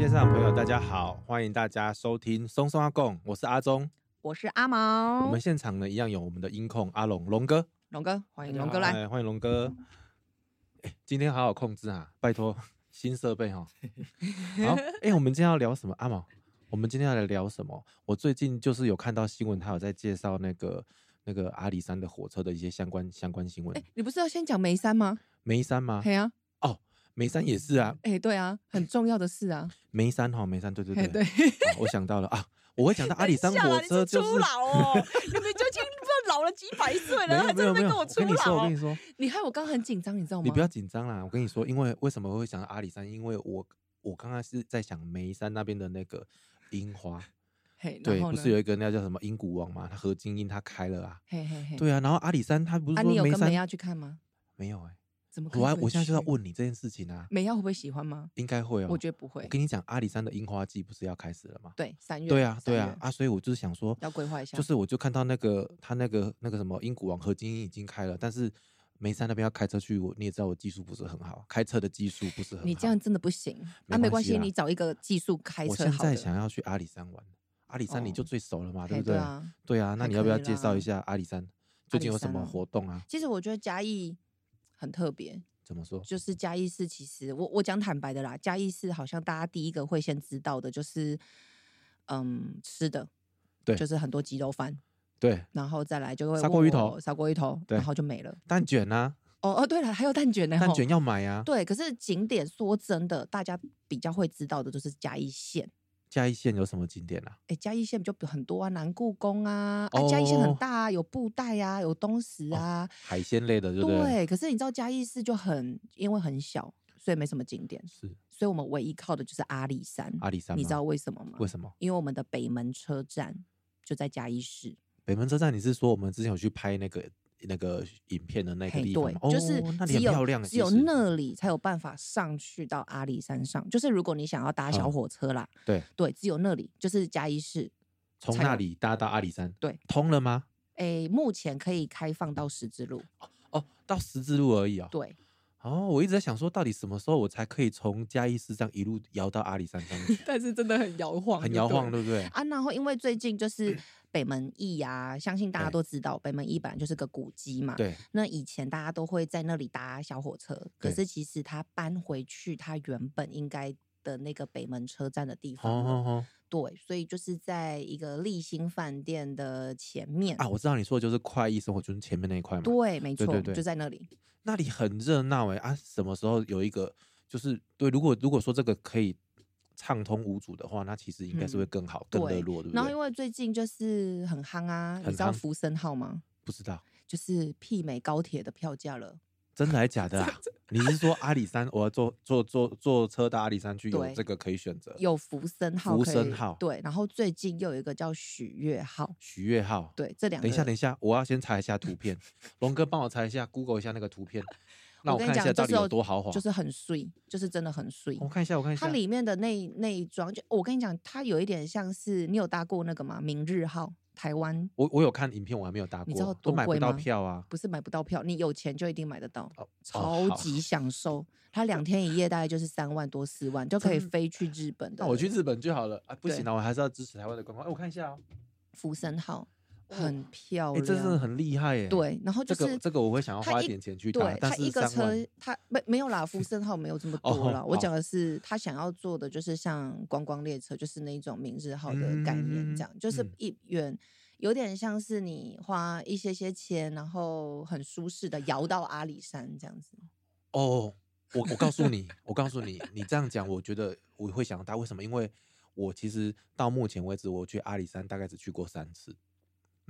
線上朋友，大家好！歡迎大家收聽鬆頌 ㄚ 貢，我是阿忠，我是阿毛。我們現場呢，一樣有我們的音控阿龍，龍哥，龍哥，歡迎龍哥來，哦、歡迎龍哥、嗯。今天好好控制啊，拜託，新設備哈、哦。 好，哎，我們今天要聊什麼？阿毛，我們今天要來聊什麼？我最近就是有看到新聞，他有在介紹那個那個阿里山的火車的一些相關相關新聞。哎，你不是要先講梅山嗎？梅山嗎？梅山也是啊，哎、欸，對啊，很重要的事啊。梅山哈、哦，梅山，對對對，對 啊、我想到了啊，我會想到阿里山火車，就是 我出老哦，你就已經老了幾百歲了，他正在跟我吹老哦。我跟你說，你害我剛剛很緊張，你知道嗎？你不要緊張啦，我跟你說，因為為什麼我會想到阿里山？因為我我剛剛是在想梅山那邊的那個櫻花，對，不是有一個那叫什麼英古王嗎？它和精英它開了啊，對啊。然後阿里山，他不是阿、啊、你有跟眉要去看嗎？沒有哎、欸。我我現在就在問你這件事情啊，美耀會不會喜歡嗎？應該會啊、哦，我覺得不會。我跟你講，阿里山的櫻花季不是要開始了嗎？對，三月。對啊，對啊，啊！所以我就是想說，要規劃一下。就是我就看到那個他那個那個什麼，英谷王和金已經開了，但是梅山那邊要開車去，我你也知道，我技術不是很好，開車的技術不是很好。你這樣真的不行啊！沒關係，啊啊沒關係啊，你找一個技術開車。我現在想要去阿里山玩，阿里山你就最熟了嘛，對不對？對啊，對啊，那你要不要介紹一下阿里山，阿里山最近有什麼活動啊？其實我覺得嘉義，很特別，怎麼說？就是嘉義市，其實我我講坦白的啦，嘉義市好像大家第一個會先知道的就是，嗯，吃的，對，就是很多雞肉飯，對，然後再來就會砂鍋魚頭，砂、喔、鍋魚頭，然後就沒了，蛋卷呢，、啊？哦哦，對了，還有蛋卷呢，蛋卷要買啊，對。可是景點說真的，大家比較會知道的就是嘉義縣。嘉義縣有什麼景點啊？哎、欸，嘉義縣就很多啊，南故宮啊，哎、哦啊，嘉義縣很大啊，有布袋啊，有東石啊，哦、海鮮類的，對不對？對。可是你知道嘉義市就很，因為很小，所以沒什麼景點。是。所以，我們唯一靠的就是阿里山。阿里山，你知道為什麼嗎？為什麼？因為我們的北門車站就在嘉義市。北門車站，你是說我們之前有去拍那個？那個影片的那個地方，hey, 對、哦，就是那裡很漂亮，只有那裡才有辦法上去到阿里山上。就是如果你想要搭小火車啦，嗯、對對，只有那裡，就是嘉義市，從那裡搭到阿里山，對，通了嗎？哎、欸，目前可以開放到十字路，哦，到十字路而已啊、哦，對。哦，我一直在想說，到底什麼時候我才可以從嘉義市這樣一路搖到阿里山上去？ 但是真的很搖晃，很搖晃，對不對？啊，然後因為最近就是北門驛啊、嗯，相信大家都知道，北門驛本來就是個古蹟嘛。對。那以前大家都會在那裡搭小火車，可是其實他搬回去他原本應該的那個北門車站的地方。哦哦哦對，所以就是在一個立新飯店的前面啊，我知道你說的就是快意生活，就是前面那一塊嘛。對，沒錯，對對對，就在那裡，那裡很熱鬧哎啊！什麼時候有一個就是對，如果如果說這個可以暢通無阻的話，那其實應該是會更好，嗯、更熱絡。然後因為最近就是很夯啊很夯，你知道福森號嗎？不知道，就是媲美高鐵的票價了。真的還是假的啊？你是說阿里山？我要坐坐坐坐車到阿里山去，有這個可以選擇，有福森號、號，福森號對。然後最近又有一個叫栩悅號，栩悅號對。這兩個等一下，等一下，我要先查一下圖片。龍哥，幫我查一下 ，Google 一下那個圖片。那我、我看一下，到底有多豪華，就是很水，就是真的很水。我看一下，我看一下它裡面的那一裝，就我跟你講，它有一點像是你有搭過那個嗎？明日號。台灣，我我有看影片，我還沒有搭過。你知道多貴嗎？都買不到票啊！不是買不到票，你有錢就一定買得到。哦超，哦、超級享受，他兩天一夜大概就是三萬多四萬、嗯，就可以飛去日本。嗯嗯、那我去日本就好了啊！不行、啊，我還是要支持台灣的觀光。哎，我看一下啊、哦，福森號。很漂亮，哎、欸，這是很厲害耶。對，然後就是這個，這個、我會想要花一點錢去對，他一個車，他沒沒有福森號沒有這麼多了、哦。我講的是、哦，他想要做的就是像觀光列車，就是那一種鳴日號的概念這樣，嗯、就是一元、嗯，有點像是你花一些些錢，然後很舒適的搖到阿里山這樣子。哦，我我告訴你，我告訴你， 你，你這樣講，我覺得我會想到他為什麼？因為我其實到目前為止，我去阿里山大概只去過三次。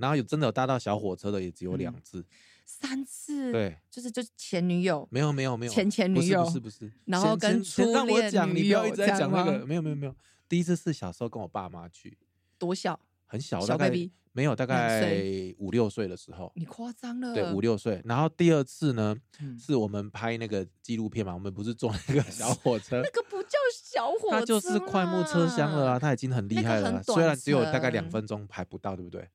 然後有真的有搭到小火車的也只有兩次，嗯，三次，對，就是就是前女友，沒有沒有沒有前前女友，不是不是，不是。然後跟初。讓我講，你不要一直在講那個，沒有沒有沒有。第一次是小時候跟我爸媽去，多小？很小，小大概沒有，大概五六歲的時候。你誇張了，對，五六歲。然後第二次呢，嗯，是我們拍那個紀錄片嘛，我們不是坐那個小火車，那個不叫小火車，啊，它就是快木車廂了啊，他已經很厲害了，啊那個，雖然只有大概兩分鐘還不到，對不對？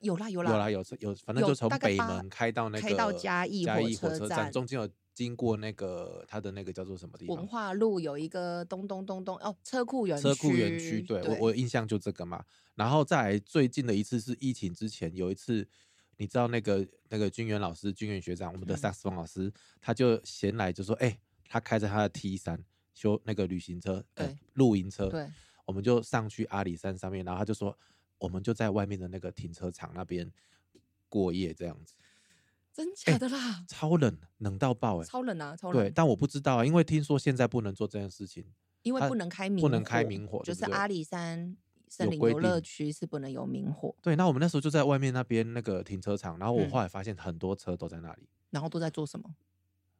有啦有啦有啦，有有反正就從北門開到那個到嘉義，嘉義火車站，中間有經過那個他的那個叫做什麼地方？文化路有一個東東東東哦，車庫園區車庫園區，對，對我我印象就這個嘛。然後在最近的一次是疫情之前有一次，你知道那個那個軍員老師軍員學長我們的薩斯風老師、嗯，他就閒來就說哎、欸，他開着他的 T 三修那個旅行車哎、呃，露營車對，我們就上去阿里山上面，然後他就說。我們就在外面的那個停車場那邊過夜，這樣子，真假的啦，欸、超冷，冷到爆、欸，哎，超冷啊，超冷。對，但我不知道、啊，因為聽說現在不能做這件事情，因為不能開明火，不能開明火，就是阿里山,對對、就是、阿里山森林遊樂區是不能有明火。對，那我們那時候就在外面那邊那個停車場，然後我後來發現很多車都在那裡，嗯、然後都在做什麼？.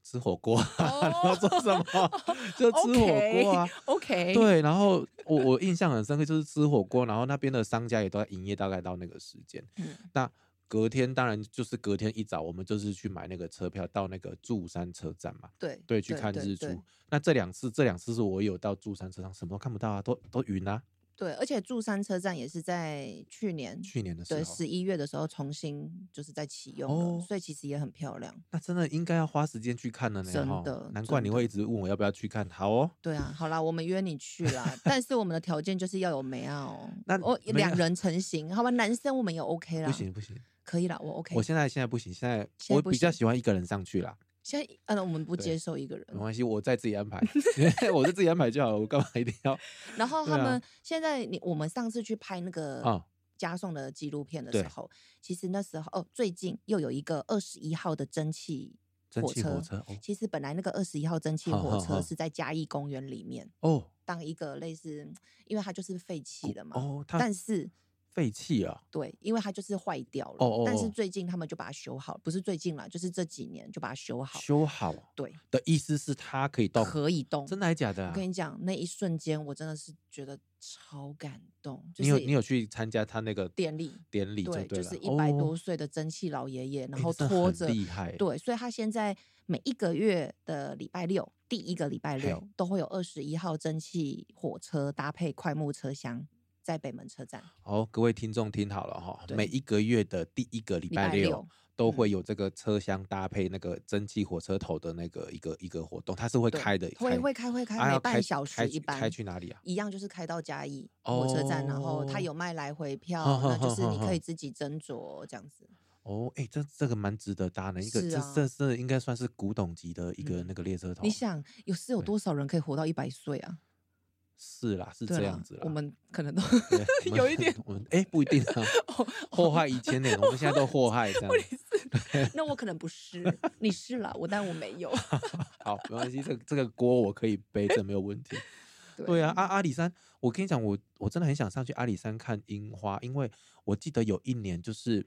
吃火鍋，然後做什麼？ 就吃火鍋啊，okay。OK，對。然後我我印象很深刻，就是吃火鍋，然後那邊的商家也都在營業，大概到那個時間。嗯。那隔天當然就是隔天一早，我們就是去買那個車票到那個祝山車站嘛。對，對，去看日出。對對對，那這兩次，這兩次是我有到祝山車站，什麼都看不到啊，都都雲啊。對，而且祝山車站也是在去年去年的時候，對，十一月的時候重新就是在啟用、哦，所以其實也很漂亮。那真的應該要花時間去看了呢，真的。真的，難怪你會一直問我要不要去看，好哦。對啊，好啦，我們約你去啦。 但是我們的條件就是要有梅傲、啊哦， 那我、哦、兩人成行， 好吧，男生我們也 OK 啦。不行不行，可以了，我 OK。我現在現在不行，現在，現在我比較喜歡一個人上去啦。現在嗯、啊，我們不接受一個人，沒關係，我再自己安排， 我就自己安排就好了，我幹嘛一定要？然後他們、啊、現在你我們上次去拍那個嘉頌的紀錄片的時候、哦，其實那時候哦最近又有一個二十一號的蒸汽蒸汽火車、哦，其實本來那個二十一號蒸汽火車是在嘉義公園裡面哦，當一個類似，因為它就是廢棄的嘛、哦它，但是。廢棄啊，對，因為它就是壞掉了。哦哦哦，但是最近他們就把它修好了，不是最近了，就是這幾年就把它修好修好。對，對的意思是它可以動，可以動，真的還假的、啊？我跟你講，那一瞬間我真的是覺得超感動。就是、你有你有去參加他那個典禮典禮？對，就，對就是一百多歲的蒸汽老爺爺，然後拖着，厲、欸、害。對，所以他現在每一個月的禮拜六，第一個禮拜六、哦、都會有二十一號蒸汽火車搭配檜木車廂。在北門車站。好、哦，各位聽眾聽好了哈，每一個月的第一個禮拜六，拜六都會有這個車廂搭配那個蒸汽火車頭的那個一個一個活動，它是會開的，會會開會開，每半小時一班。開去哪裡啊？一樣就是開到嘉義火車站，哦、然後它有賣來回票、哦，那就是你可以自己斟酌這樣子。哦，哎、欸，這這個蠻值得搭的，一個、啊、這這是應該算是古董級的一個、嗯、那個列車頭。你想，有是有多少人可以活到一百歲啊？是啦，是這樣子啦。我們可能都對有一點， 我們哎、欸，不一定啊。禍害一千年，我們現在都禍害這樣。那我可能不是， 你是啦，我但我沒有。 好，沒關係，這個、這個鍋我可以背這 沒有問題。對啊，阿、啊、阿里山，我跟你講，我我真的很想上去阿里山看櫻花，因為我記得有一年就是。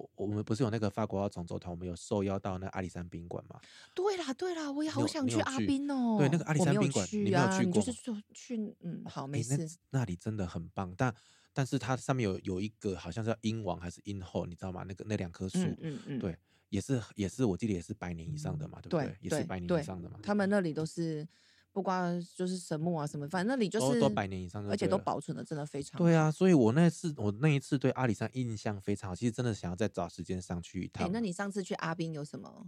我，我們不是有那個法國號重奏團，我們有受邀到那阿里山賓館嗎？對啦，對啦，我也好想去，去阿賓哦、喔。對，那個阿里山賓館、啊，你沒有去過、就是說去？嗯，好，欸、沒事那。那裡真的很棒，但但是它上面有有一個，好像是櫻王還是櫻後，你知道嗎？那個那兩棵樹，嗯嗯，嗯，對，也是也是，我記得也是百年以上的嘛，嗯、對不對，對？也是百年以上的嘛。他們那裡都是。不光就是神木啊，什麼，反正那裡就是都都百年以上，而且都保存的真的非常好。對啊，所以我那次我那一次對阿里山印象非常好，其實真的想要再找時間上去一趟。欸，那你上次去阿斌有什麼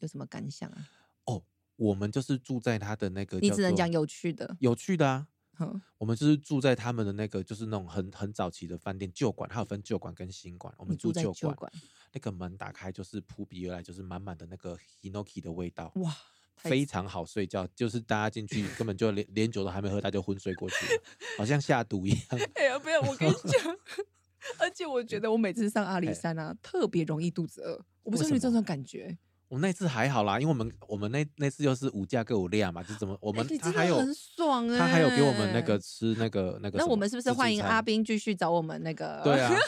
有什麼感想啊？哦，我們就是住在他的那個，你只能講有趣的，有趣的啊。嗯，我們就是住在他們的那個，就是那種很很早期的飯店舊館，它有分舊館跟新館，我們住舊館。舊館，舊館那個門打開就是撲鼻而來，就是滿滿的那個 Hinoki 的味道。哇。非常好睡覺，就是大家進去根本就連 連酒都還沒喝，他就昏睡過去，好像下毒一樣。哎呀，不要我跟你講， 而且我覺得我每次上阿里山啊，哎、特別容易肚子餓。為什麼？我不是有這種感覺。我那次還好啦，因為我們我們那那次又是五價各五量嘛，就怎麼我們他還有很爽、欸、他還有給我們那個吃那個那個。那我們是不是歡迎阿斌繼續找我們那個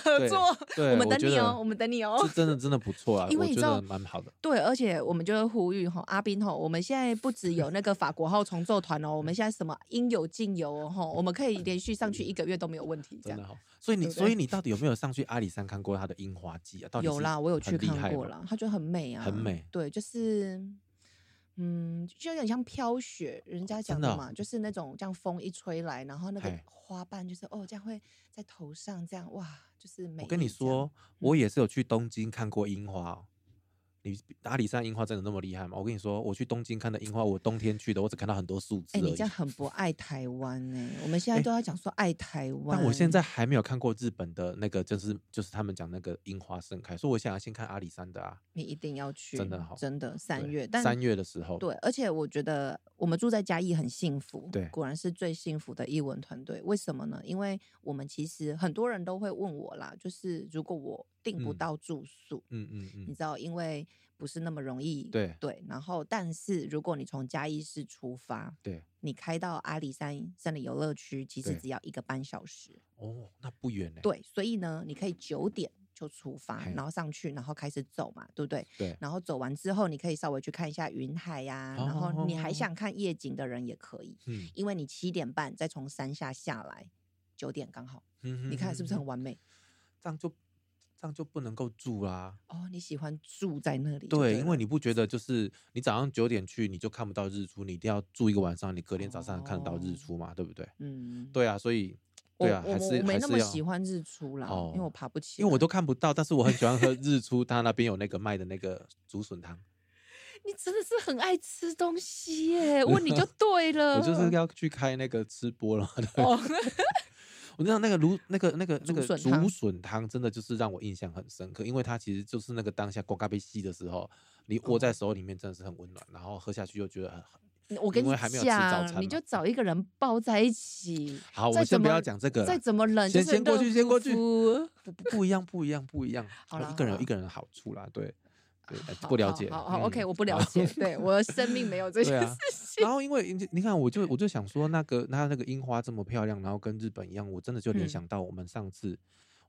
合作、啊？ 我們等你哦，我，我們等你哦。是真的真的不錯啊，因為你知道蠻好的。對，而且我們就是呼籲哈、哦，阿斌哈、哦，我們現在不只有那個法國號重奏团哦， 我們現在什麼應有盡有哦，我們可以連續上去一個月都沒有問題，這樣。所以你，所以你到底有沒有上去阿里山看過它的櫻花季啊到底？有啦，我有去看過了，它就很美啊，很美。對，就是，嗯，就有點像飄雪。人家講的嘛，真的哦，就是那種這樣風一吹來，然後那個花瓣就是哦，這樣會在頭上這樣哇，就是美。我跟你說，我也是有去東京看過櫻花哦。你阿里山櫻花真的那麼厲害嗎？我跟你說，我去東京看的櫻花，我冬天去的，我只看到很多樹枝。哎、欸，你這樣很不愛台灣呢、欸。我們現在都要講說愛台灣、欸。但我現在還沒有看過日本的那個，就是就是他們講那個櫻花盛開，所以我想要先看阿里山的啊。你一定要去，真的好，真的三月，三月的時候。對，而且我覺得我們住在嘉義很幸福。對，果然是最幸福的藝文團隊。為什麼呢？因為我們其實很多人都會問我啦，就是如果我訂不到住宿，嗯嗯嗯，你知道、嗯嗯嗯、因為。不是那麼容易，對對。然後，但是如果你從嘉義市出發，對你開到阿里山森林遊樂區，其實只要一個半小時。哦，那不遠呢？對，所以呢，你可以九點就出發，然後上去，然後開始走嘛，對不對？對。然後走完之後，你可以稍微去看一下雲海呀，啊，哦。然後，你還想看夜景的人也可以，嗯，因為你七點半再從山下下來，九點剛好。嗯哼哼哼。你看是不是很完美？這樣就。就不能夠住啦、啊。哦、oh，你喜歡住在那裡對？對，因為你不覺得就是你早上九點去你就看不到日出，你一定要住一個晚上，你隔天早上看得到日出嘛，oh. 對不對？嗯，對啊，所以對啊，還是沒還是那麼喜歡日出啦，因為我爬不起來，因為我都看不到，但是我很喜歡喝日出， 他那邊有那個賣的那個竹筍湯。你真的是很愛吃東西耶，我問你就對了， 我就是要去開那個吃播了。我知道那個蘆那個那個那個竹筍湯，真的就是讓我印象很深刻，因為它其實就是那個當下剛剛被吸的時候，你握在手裡面真的是很溫暖、嗯，然後喝下去又覺得很……我跟你講因為還沒有吃早餐。你就找一個人抱在一起。好，我們先不要講這個，再怎麼冷，先先過去，先過去。 不不一樣，不一樣，不一樣。啊、有一個人有一個人的好處啦，對。對，不了解。好，好，好，好、嗯、OK，我不了解。對，我的生命沒有這些事情。 啊、然後，因為你，你看，我就我就想說，那個那那個櫻花這麼漂亮，然後跟日本一樣，我真的就聯想到我們上次，嗯、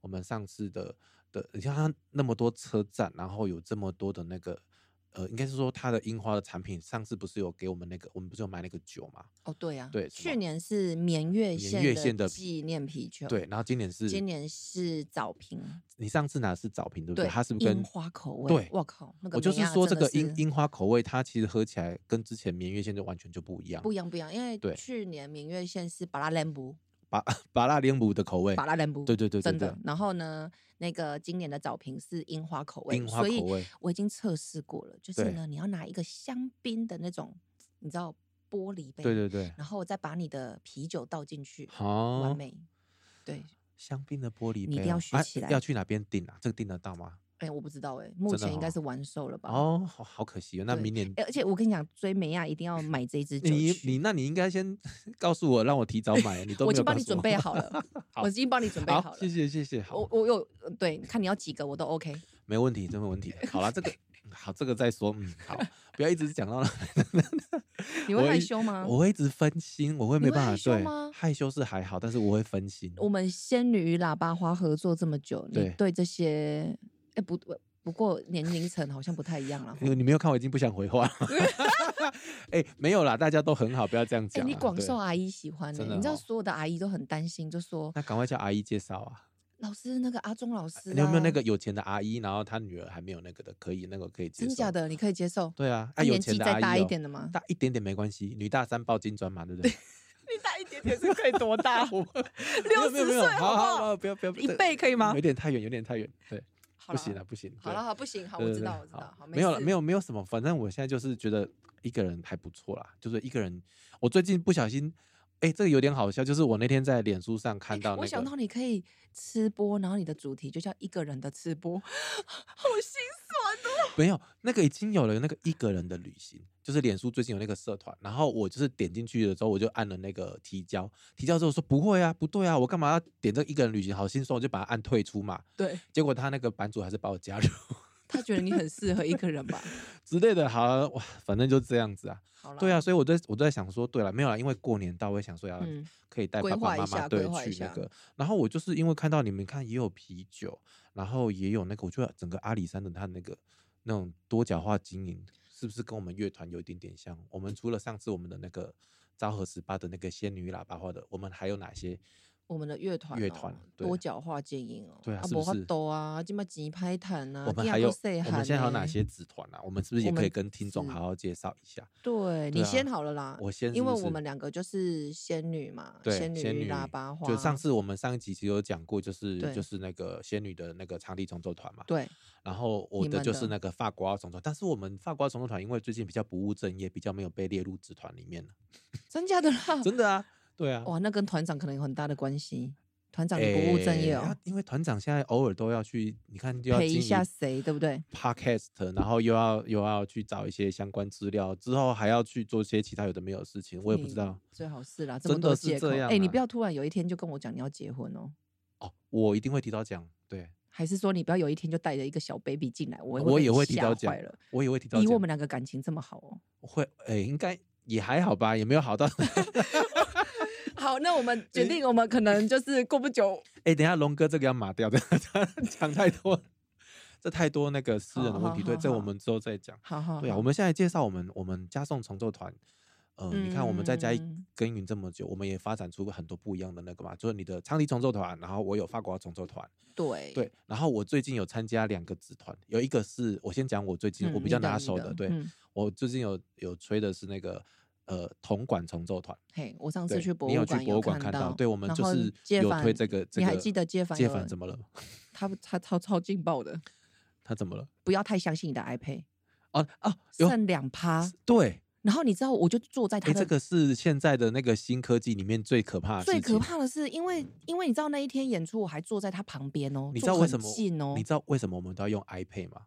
我們上次的的，你看它那麼多車站，然後有這麼多的那個。呃，應該是說他的櫻花的產品，上次不是有給我們那個，我們不是有買那個酒嗎？哦，對呀、啊，對，去年是眠月線的紀念啤酒，對，然後今年是今年是早瓶，你上次拿的是早瓶對，對不對？它是櫻是花口味，對，我靠，那個我就是說這個櫻櫻花口味，它其實喝起來跟之前眠月線就完全就不一樣，不一樣，不一樣，因為去年眠月線是巴拉萊姆。巴巴拉蓮姆的口味，巴拉蓮姆，對對對，對，真的。然後呢，那個今年的早評是櫻花口味，櫻花口味，所以我已經測試過了。就是呢，你要拿一個香檳的那種，你知道玻璃杯，啊，對對對。然後我再把你的啤酒倒進去，好，哦，完美。對，香檳的玻璃杯，啊，你一定要學起來，啊。要去哪邊訂啊？這個訂得到嗎？哎、欸，我不知道哎、欸，目前應該是完售了吧？哦，哦，好好可惜哦。那明年、欸，而且我跟你講，追美亞一定要買這一支酒。你你，那你應該先告訴我，讓我提早買。欸、你都我已經幫你準備好了， 好，我已經幫你準備好了。謝謝謝謝，謝謝我我有對，看你要幾個，我都 OK，沒問題，真沒問題。好啦，這個好，這個再說，嗯，好，不要一直講到那。 你會害羞嗎？我會一,一直分心，我會沒辦法。對，害羞是還好，但是我會分心。我們仙女與喇叭花合作這麼久，對你對這些。哎、欸、不不，不過年齡層好像不太一樣了。你你沒有看我已經不想回話。了。哎、 欸，沒有啦，大家都很好，不要這樣講、欸。你廣受阿姨喜歡、欸、的、喔，你知道所有的阿姨都很擔心，就說。那趕快叫阿姨介紹啊。老師，那個阿鍾老師、啊，你有沒有那個有錢的阿姨，然後他女兒還沒有那個的，可以那個可以。真的假的？你可以接受？對啊，他年紀再大一點的嗎？啊的喔、大一點點沒關係，女大三抱金磚嘛，對不對，對？你大一點點是可以多大？六十歲好不好？好好，好好，不要不要。一倍可以嗎？有點太遠，有點太遠，對。不行了、啊，不行。好了，好，不行，好，我知道，我知道，好，沒有了，沒有，沒有什麼，反正我現在就是覺得一個人還不錯啦，就是一個人。我最近不小心，哎、欸，這個有點好笑，就是我那天在臉書上看到、那個欸，我想到你可以吃播，然後你的主題就叫一個人的吃播， 好心酸哦、喔。沒有，那個已經有了，那個一個人的旅行。就是臉書最近有那個社團，然後我就是點進去的時候，我就按了那個提交。提交之後說不會啊，不對啊，我幹嘛要點這個一個人旅行好？好心說我就把它按退出嘛。對，結果他那個版主還是把我加入。他覺得你很適合一個人吧之 類的，好哇、啊，反正就是這樣子啊。對啊，所以我在我都在想說，對了，沒有了，因為過年到，我也想說要可以帶爸爸媽媽對去那個。然後我就是因為看到你們看也有啤酒，然後也有那個，我覺得整個阿里山的他那個那種多角化經營。是不是跟我們樂團有一點點像？我們除了上次我們的那個昭和十八的那個仙女喇叭花的，我們還有哪些？我們的樂團、啊，樂團對、啊、多角化經營哦，是啊，啊，是，是多啊？什麼雞排攤啊？我們還有，孩孩我們現在有哪些子團啊？我們是不是也可以跟聽眾好好介紹一下？對，對、啊、你先好了啦，我先是是，因為我們兩個就是仙女嘛，對仙女、仙女、喇叭花。就上次我們上一集其實有講過，就是就是那個仙女的那個長笛重奏團嘛。對。然後我的就是那個法國二重奏，但是我們法國二重奏團因為最近比較不務正業，比較沒有被列入子團裡面了。真的啦？ 真的啊。 對啊，哇，那跟團長可能有很大的關係。團長的不務正業哦，欸、因為團長現在偶爾都要去，你看一陪一下誰，對不對？Podcast，然後又要又要去找一些相關資料，之後還要去做一些其他有的沒有事情，我也不知道。嗯、最好是啦，真的是這樣、啊。哎、欸，你不要突然有一天就跟我講你要結婚哦。哦，我一定會提到講，對。還是說你不要有一天就帶着一個小 baby 進來，我也會，我也會提到講，我也會提到。以我們兩個感情這麼好哦，我會哎、欸，應該也還好吧，也沒有好到。 好，那我們決定，我們可能就是過不久。哎、欸，等一下龍哥這個要碼掉的，他講太多，這太多那個私人的問題，oh, 對，oh, 對 oh, 這我們之後再講。好好，對啊，oh, oh, oh. 我們現在介紹我們我們嘉頌重奏團，呃。嗯，你看我們在嘉義耕耘這麼久，我們也發展出過很多不一樣的那個嘛，就是你的長笛重奏團，然後我有法國重奏團，對對，然後我最近有參加兩個子團，有一個是我先講我最近、嗯、我比較拿手的，你你的對、嗯、我最近有有吹的是那個。呃，銅管重奏團。嘿、hey，我上次去博物館，你有去博物館看，看到？對，我們就是有推這個。這個、你還記得街坊？街坊怎麼了？他他超超勁爆的。他怎麼了？ 不要太相信你的 iPad 哦哦，有、哦。剩兩趴。對，然後你知道，我就坐在他、欸。這個是現在的那個新科技裡面最可怕的。最可怕的是，因為、嗯、因為你知道那一天演出，我還坐在他旁邊哦。你知道為什麼、近哦？你知道為什麼我們都要用 iPad 嗎？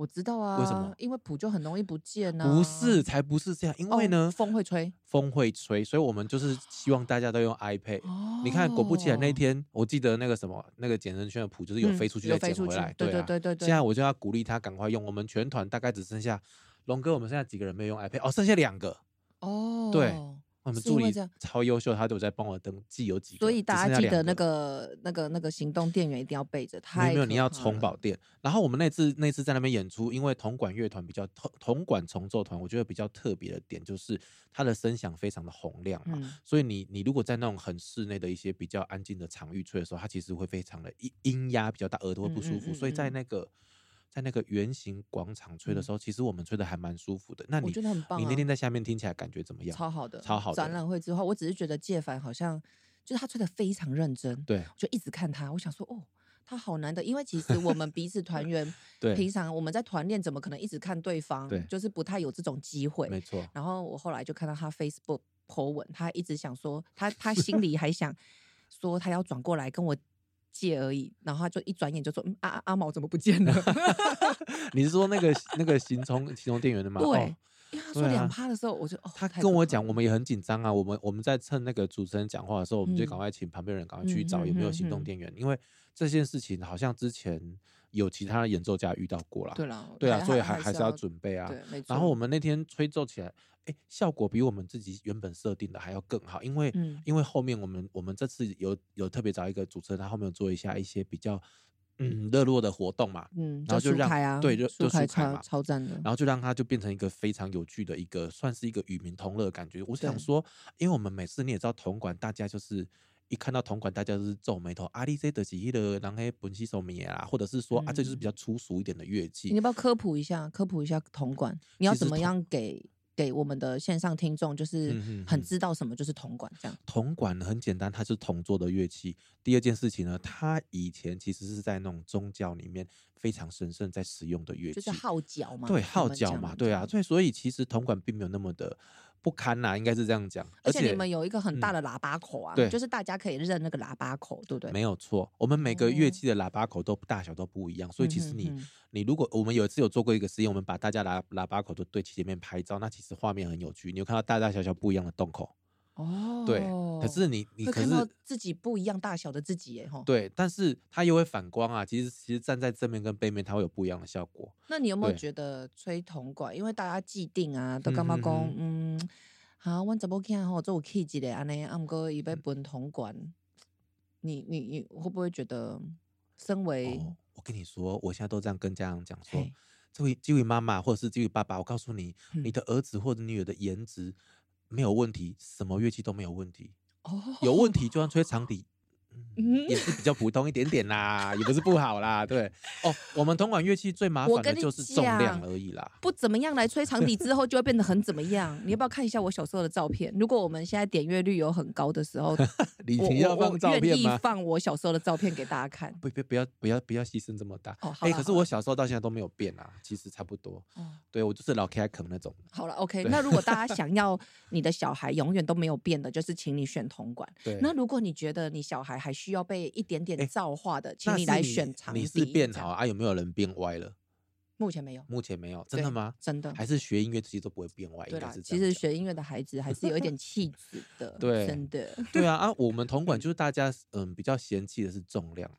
我知道啊，為什麼？因為譜就很容易不見呢、啊。不是，才不是這樣。因為呢、哦，風會吹，風會吹，所以我們就是希望大家都用 iPad。哦、你看，果不其然，那天我記得那個什麼那個減震圈的譜，就是有飛出去再撿回來，嗯對，啊、對，對對對對。現在我就要鼓勵他趕快用。我們全團大概只剩下龍哥，我們剩下幾個人沒有用 iPad？哦，剩下兩個。哦，對。我們助理超優秀，秀，他都有在幫我登記有幾個。所以大家記得那個，個那個、那個、那個行動電源一定要備着。他。有沒有你要充飽電。然後我們那次那次在那邊演出，因為銅管樂團比較銅銅管重奏團，我覺得比較特別的點就是它的聲響非常的洪亮嘛、嗯。所以你你如果在那種很室內的一些比較安靜的場域吹的時候，它其實會非常的音音壓比較大，耳朵會不舒服，嗯嗯嗯嗯。所以在那個。在那個圓形廣場吹的時候，嗯、其實我們吹的還蠻舒服的。那你覺得很棒、啊。你那天,天在下面聽起來感覺怎麼樣？超好的，超好的。展覽會之後，我只是覺得介凡好像就是他吹的非常認真，對，我就一直看他，我想說哦，他好難得，因為其實我們彼此團員， 對，平常我們在團練怎麼可能一直看對方？對，就是不太有這種機會，沒錯。然後我後來就看到他 Facebook PO 文，他一直想說，他他心裡還想說，他要轉過來跟我。借而已，然後他就一轉眼就說：“阿、嗯、阿、啊啊啊、毛怎麼不見了？” 你是說那個那個行充行充電源的嗎？對，哦、因為他說兩趴的時候，我就、啊、他跟我講，我們也很緊張啊。我們我們在趁，那個主持人講話的時候，我們就趕快請旁邊人趕快去找有、嗯、沒有行動電源、嗯哼哼哼，因為這件事情好像之前有其他演奏家遇到過啦。對了，對啊，所以還還是，還是要準備啊。然後我們那天吹奏起來。哎、欸，效果比我們自己原本設定的還要更好，因為，嗯、因為後面我們我們這次有有特別找一個主持人，他後面有做一下一些比較嗯熱絡、嗯、的活動嘛，嗯，啊、然後就讓對，就是開、開嘛，超讚的，然後就讓他就變成一個非常有趣的一個，算是一個與民同樂的感覺。我想說，因為我們每次你也知道，銅管大家就是一看到銅管，大家都是皺眉頭，阿麗 C 的幾億的，然後不吸收民啊，或者是說、嗯、啊，這就是比較粗俗一點的樂器。你要不要科普一下，科普一下銅管，你要怎麼樣給？給我們的線上聽眾，就是很知道什麼就是銅管這樣。銅、嗯、管很簡單，它是銅做的樂器。第二件事情呢，它以前其實是在那種宗教裡面非常神聖在使用的樂器，就是號角嘛。對，號角嘛，對啊。所以，所以其實銅管並沒有那麼的。不堪吶、啊，應該是這樣講。而且你們有一個很大的喇叭口啊、嗯，就是大家可以認那個喇叭口，對不對？沒有錯，我們每個樂器的喇叭口都大小都不一樣，所以其實你、嗯、哼哼，你如果我們有一次有做過一個實驗，我們把大家的喇叭口都對齊前面拍照，那其實畫面很有趣，你有看到大大小小不一樣的洞口。哦，對，可是你你可是會看到自己不一樣大小的自己耶，吼。對、哦，但是它又會反光啊。其實其實站在正面跟背面，它會有不一樣的效果。那你有沒有覺得吹銅管？因為大家既定啊，都幹嘛講？嗯，好 o 怎 e 看？o b 我做我 key 的啊，那阿姆哥一杯不銅管。你你你，你會不會覺得身為、哦？我跟你說，我現在都這樣跟家長講說，這位這位媽媽或者是這位爸爸，我告訴你，嗯、你的兒子或者女兒的顏值。沒有問題，什麼樂器都沒有問題。Oh. 有問題就算吹長笛。嗯，也是比較普通一點點啦， 也不是不好啦，對哦。Oh, 我們銅管樂器最麻煩的就是重量而已啦，不怎麼樣來吹長笛之後就會變得很怎麼樣。 你要不要看一下我小時候的照片？如果我們現在點閱率有很高的時候， 你要放照片嗎？願意放我小時候的照片給大家看？不不不要不要不要犧牲這麼大哦。哎、欸，可是我小時候到現在都沒有變啊，哦、其實差不多。對，我就是老開墾那種。好了，OK。那如果大家想要你的小孩永遠都沒有變的，就是請你選銅管。對，那如果你覺得你小孩還需要被一點點造化的、欸，請你來選場。你是變好啊？有沒有人變歪了？目前沒有，目前沒有。真的嗎？真的。還是學音樂自己都不會變歪，對，應該其實學音樂的孩子還是有一點氣質的， 對，真的，對、對、對啊啊！我們銅管就是大家嗯比較嫌棄的是重量，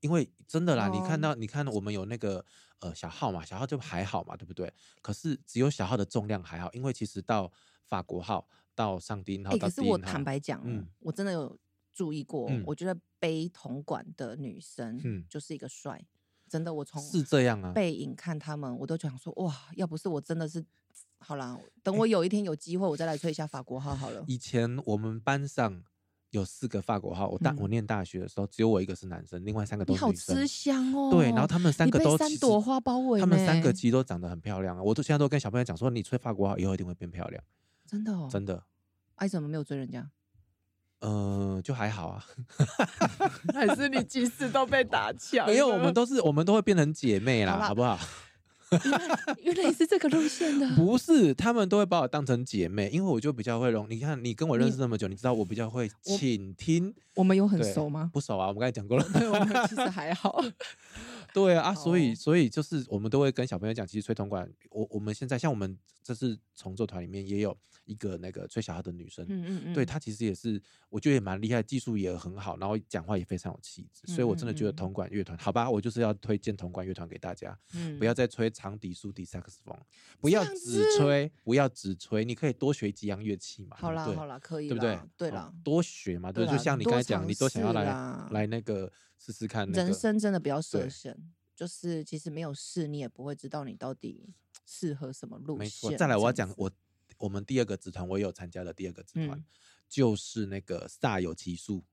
因為真的啦，哦、你看到，你看我們有那個呃小號嘛，小號就還好嘛，對不對？可是只有小號的重量還好，因為其實到法國號到上低音號、欸到低音號欸，可是我坦白講、嗯，我真的有。注意過、嗯，我覺得背銅管的女生就是一個帥、嗯，真的。我從是這樣啊，背影看他們，啊、我都想說哇，要不是我真的是，好啦，等我有一天有機會、欸，我再來吹一下法國號好了。以前我們班上有四個法國號，我大、嗯、我念大學的時候，只有我一個是男生，另外三個都是女生，好吃香哦。對，然後他們三個都三朵花包圍，他們三個其實都長得很漂亮啊。欸、我都現在都跟小朋友講說，你吹法國號以後一定會變漂亮，真的哦，真的。哎、啊，怎麼沒有追人家？嗯、呃，就還好啊， 還是你幾次都被打槍？ 沒有，我們都是，我們都會變成姐妹啦， 好不好？ 原來也是這個路線的， 不是？他們都會把我當成姐妹，因為我就比較會容。你看，你跟我認識這麼久，你知道我比較會傾聽。我們有很熟嗎？不熟啊，我們剛才講過了。我們其實還好。 對啊，啊所以所以就是我們都會跟小朋友講，其實吹銅管，我我們現在像我們這是重奏團裡面也有一個那個吹小號的女生，嗯嗯嗯，對她其實也是，我覺得也蠻厲害，技術也很好，然後講話也非常有氣質，所以我真的覺得銅管樂團嗯嗯嗯，好吧，我就是要推薦銅管樂團給大家，嗯，不要再吹。長笛、豎笛、薩克斯風，不要只吹，不要只吹，你可以多學幾樣樂器嘛。好啦，好啦，可以啦，對不對？對啦，多學嘛，對，對，就像你剛才講，你多想要來來那個試試看、那個。人生真的不要設限，就是其實沒有試，你也不會知道你到底適合什麼路線。再來我講，我要講我我們第二個子團，我也有參加的第二個子團、嗯，就是那個煞有其數。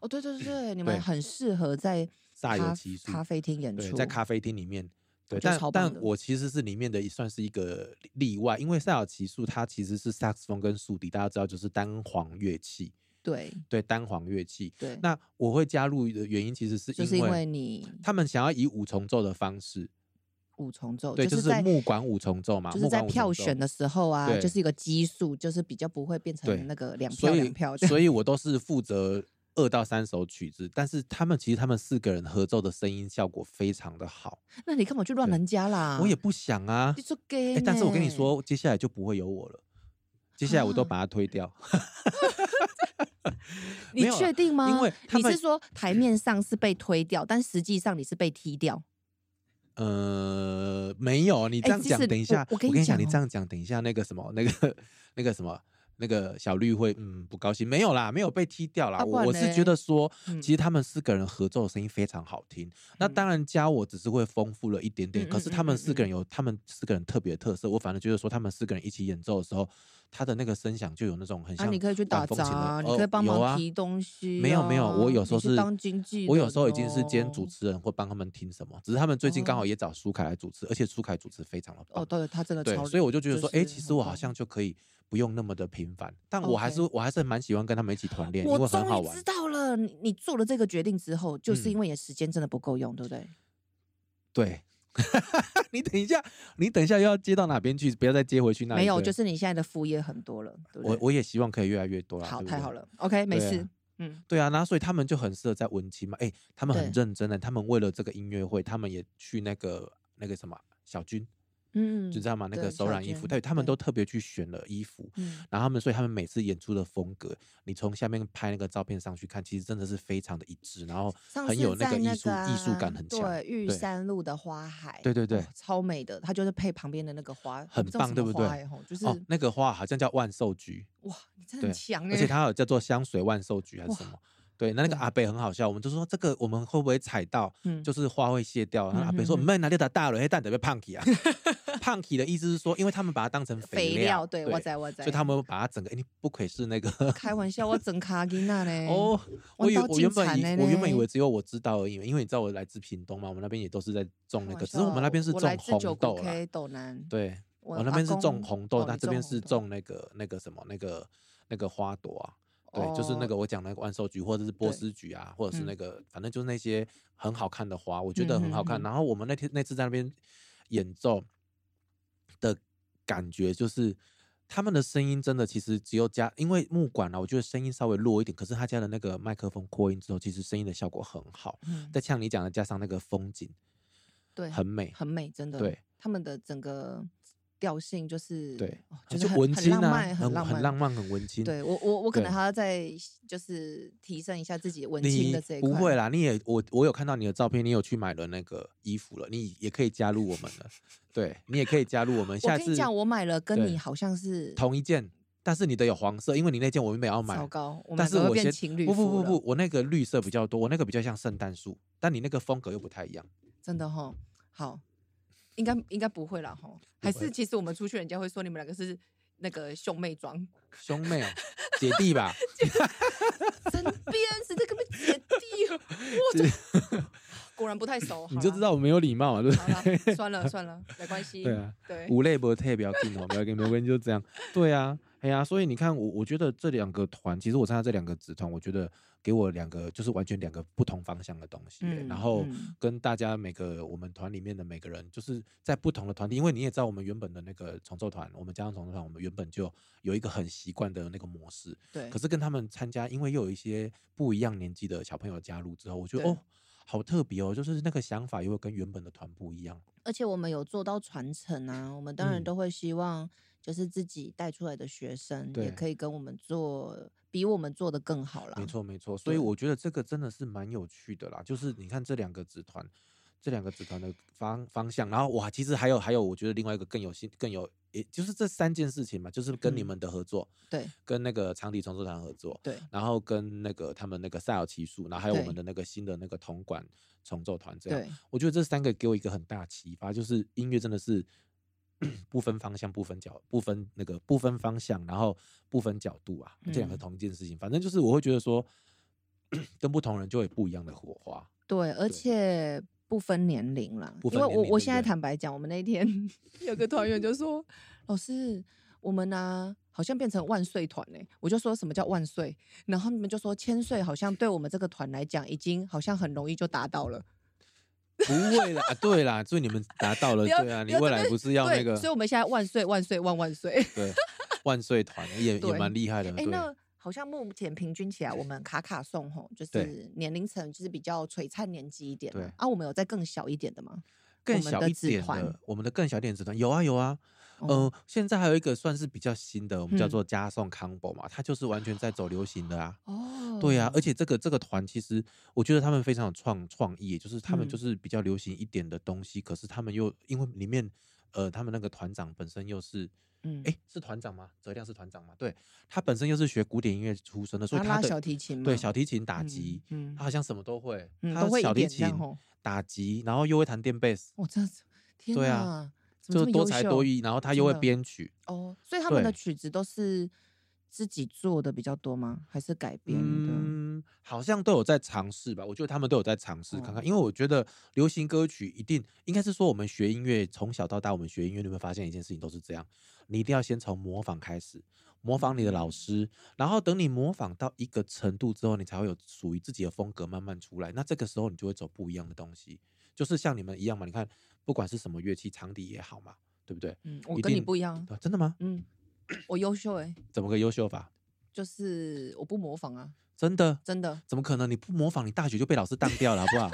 哦，對對對，對、嗯、對，你們很適合在煞有其數咖啡廳演出，在咖啡廳裡面。對，但但我其實是裡面的也算是一個例外，因為塞爾奇數它其實是薩克斯風跟豎笛，大家知道就是單簧樂器。對對，單簧樂器。對，那我會加入的原因，其實是就是因為你他們想要以五重奏的方式，五重奏對，就是木管五重奏嘛，就是重，就是在票選的時候啊，就是一個奇數，就是比較不會變成那個兩票兩票，所以，所以我都是負責二到三首曲子，但是他們其實他們四個人合奏的聲音效果非常的好。那你幹嘛去亂人家啦？我也不想啊、欸。但是我跟你說，接下來就不會有我了。接下來我都把它推掉。啊、 你確定嗎？因為你是說台面上是被推掉，但實際上你是被踢掉。呃，沒有。你這樣講、欸，等一下，我跟你講，你這樣講，等一下那個什麼，那個那個什麼。那個小綠會嗯不高興，沒有啦，沒有被踢掉啦。我是覺得說，其實他們四個人合奏的聲音非常好聽、嗯。那當然加我只是會豐富了一點點，嗯、可是他們四個人有他們四個人特別特色，我反正就是說他們四個人一起演奏的時候。他的那個聲響就有那種很像，那、啊、你可以去打雜、哦、你可以幫忙提東西、啊哦啊。沒有沒有，沒有，我有時候是，是當經紀人、哦，我有時候已經是兼主持人或幫他們聽什麼。只是他們最近剛好也找蘇凱來主持，而且蘇凱主持非常的棒。哦，對，他真的超對。所以我就覺得說，哎、就是欸，其實我好像就可以不用那麼的頻繁，但我還是、okay、我還是蠻喜歡跟他們一起團練，因為很好玩。知道了，你做了這個決定之後，就是因為也時間真的不夠用，對不對？嗯、對。 你等一下，你等一下又要接到哪邊去？不要再接回去那邊。那沒有，就是你現在的副業很多了。對不對？我我也希望可以越來越多了。好是是，太好了。OK，、啊、沒事。嗯，對啊，那所以他們就很適合在文青嘛。哎、欸，他們很認真的、欸，他們為了這個音樂會，他們也去那個那個什麼小軍。嗯，就知道嘛，那個手染衣服，對，他們都特別去選了衣服，然後他們，所以他們每次演出的風格，你從下面拍那個照片上去看，其實真的是非常的一致，然後很有那個藝術、那個、藝術感很強，對。對，玉山路的花海，對對對，對，哦，超美的，它就是配旁邊的那個花，很棒，不對不對、就是？哦，那個花好像叫萬壽菊，哇，你真的很強，而且它有叫做香水萬壽菊還是什麼。對，那那個阿北很好笑，我們就說這個我們會不會踩到，嗯、就是花會謝掉。嗯、然後阿北說：“我們拿六台大輪，那蛋得被胖起啊！”胖、嗯、起 的意思是說，因為他們把它當成肥料。肥料對，對，我在我在，所以他們把它整個 你不愧是那個。開玩笑， 我整卡給那嘞。哦，我以我原本以我原本以為只有我知道而已，因為你知道我來自屏東嘛，我們那邊也都是在種那個，只是我們那邊是種紅豆了。豆南。對我，我那邊是種紅豆，哦、但這邊是種那個種那個什麼那個那個花朵啊。對，就是那個我講那個萬壽菊，或者是波斯菊啊，或者是那個、嗯，反正就是那些很好看的花，我覺得很好看。嗯、哼哼，然後我們那天那次在那邊演奏的感覺，就是他們的聲音真的，其實只有加，因為木管啊，我覺得聲音稍微弱一點。可是他加的那個麥克風擴音之後，其實聲音的效果很好。嗯、再像你講的，加上那個風景，對，很美，很美，真的。對，他們的整個。調性就是對，很就是文青啊，很浪漫，很浪漫，很浪漫，很文青。對我，我我可能還要再就是提升一下自己文青的這一塊。不會啦，你也我我有看到你的照片，你有去買了那個衣服了，你也可以加入我們了。 對，你也可以加入我們。下次我，你我買了，跟你好像是同一件，但是你的有黃色，因為你那件我原本要買，但是我，先我變情侶服。不不不不，我那個綠色比較多，我那個比較像聖誕樹，但你那個風格又不太一樣。真的齁，好。應該應該不會啦齁，還是其實我們出去，人家會說你們兩個是那個兄妹裝，兄妹、喔，姐弟吧？身邊是在根本姐弟，哇、 喔，果然不太熟，你就知道我沒有禮貌啊，對好，好算了算了，沒關係，對啊，對，無類別表定哦，不要人每個人就是這樣，對啊。哎呀、啊，所以你看，我我覺得這兩個團，其實我參加這兩個子團，我覺得給我兩個就是完全兩個不同方向的東西、嗯。然後、嗯、跟大家每個我們團裡面的每個人，就是在不同的團體，因為你也知道我們原本的那個重奏團，我們嘉頌重奏團，我們原本就有一個很習慣的那個模式。對。可是跟他們參加，因為又有一些不一樣年紀的小朋友加入之後，我覺得哦，好特別哦，就是那個想法又會跟原本的團不一樣。而且我們有做到傳承啊，我們當然都會希望、嗯。就是自己帶出來的學生也可以跟我們做，比我們做的更好了。沒錯，沒錯。所以我覺得這個真的是蠻有趣的啦。就是你看這兩個子團，這兩個子團的方方向，然後哇，其實還有還有，我覺得另外一個更有新、更有，就是這三件事情嘛，就是跟你們的合作，嗯、對，跟那個長笛重奏團合作，對，然後跟那個他們那個賽爾奇數，然後還有我們的那個新的那個銅管重奏團，這樣，對，對我覺得這三個給我一個很大啟發，就是音樂真的是。 不分方向，不分角，不分那個，不分方向，然後不分角度啊，這兩個同一件事情、嗯，反正就是我會覺得說，跟不同人就會不一樣的火花。對，對，而且不分年齡啦，齡因為我對不對？我現在坦白講，我們那一天有個團員就說， 老師，我們呢、啊、好像變成萬歲團哎、欸，我就說什麼叫萬歲，然後你們就說千歲，好像對我們這個團來講，已經好像很容易就達到了。不會啦，對啦，就你們達到了，對啊，你未來不是，不是要那個？所以我們現在萬歲萬歲萬萬歲！ 對，萬歲團也也蠻厲害的。哎、欸，那好像目前平均起來，我們卡卡頌吼，就是年齡層就是比較璀璨年紀一點。對啊，我們有再更小一點的嗎？更小一點的，我們的更小，一點，的的更小一點子團有啊有啊。有啊嗯、呃，oh. 現在還有一個算是比較新的，我們叫做嘉頌 combo 嘛、嗯，它就是完全在走流行的啊。哦、oh.，對呀、啊，而且這個這個團其實我覺得他們非常有創創意，就是他們就是比較流行一點的東西，嗯、可是他們又因為裡面呃他們那個團長本身又是，哎、嗯欸、是團長嗎？澤亮是團長嗎？對，他本身又是學古典音樂出身的，所以他的拉拉小提琴嘛，對小提琴打擊、嗯嗯，他好像什麼都會，嗯、他會小提琴打擊，然後又會彈電貝斯、嗯，對啊！麼麼，就是多才多藝，然後他又會編曲哦，oh, 所以他們的曲子都是自己做的比較多嗎？還是改編的？嗯，好像都有在嘗試吧。我覺得他們都有在嘗試看看。哦，因為我覺得流行歌曲一定應該是說，我們學音樂從小到大，我們學音樂你會發現一件事情都是這樣。你一定要先從模仿開始，模仿你的老師。嗯，然後等你模仿到一個程度之後，你才會有屬於自己的風格慢慢出來。那這個時候你就會走不一樣的東西，就是像你們一樣嘛。你看。不管是什麼樂器，長笛也好嘛，對不對？嗯，我跟你不一樣。一真的嗎？嗯，我優秀誒、欸。怎麼個優秀法？就是我不模仿啊。真的，真的，怎麼可能？你不模仿，你大學就被老師當掉了，好不好？